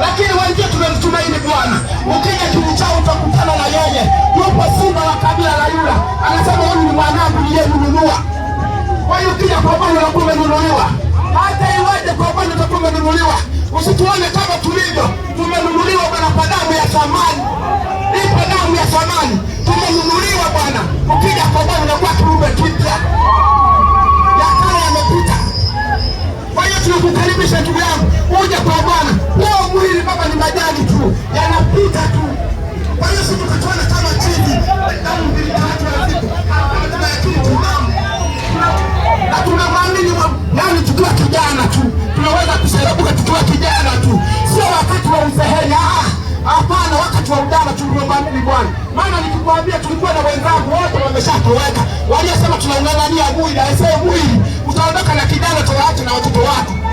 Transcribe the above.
lakini wengie tumemtumaini Bwana. Ukija kili chao utakutana na yeye, yupo simba wa kabila la Yuda, anasema huyu ni mwanangu niliyenununua. Kwa hiyo ukija kwa Bwana utakuwa umenunuliwa, hata iwaje kwa Bwana utakuwa umenunuliwa. Usituone kama tulivyo, tumenunuliwa Bwana kwa damu ya thamani. na tunamwamini nani tukiwa kijana tu, tunaweza kuserebuka tukiwa kijana tu, sio wakati wa uzeheni. Ah, hapana, wakati wa ujana tunamwamini Bwana, maana nikikwambia, tulikuwa na wenzangu wote wameshatoweka waliosema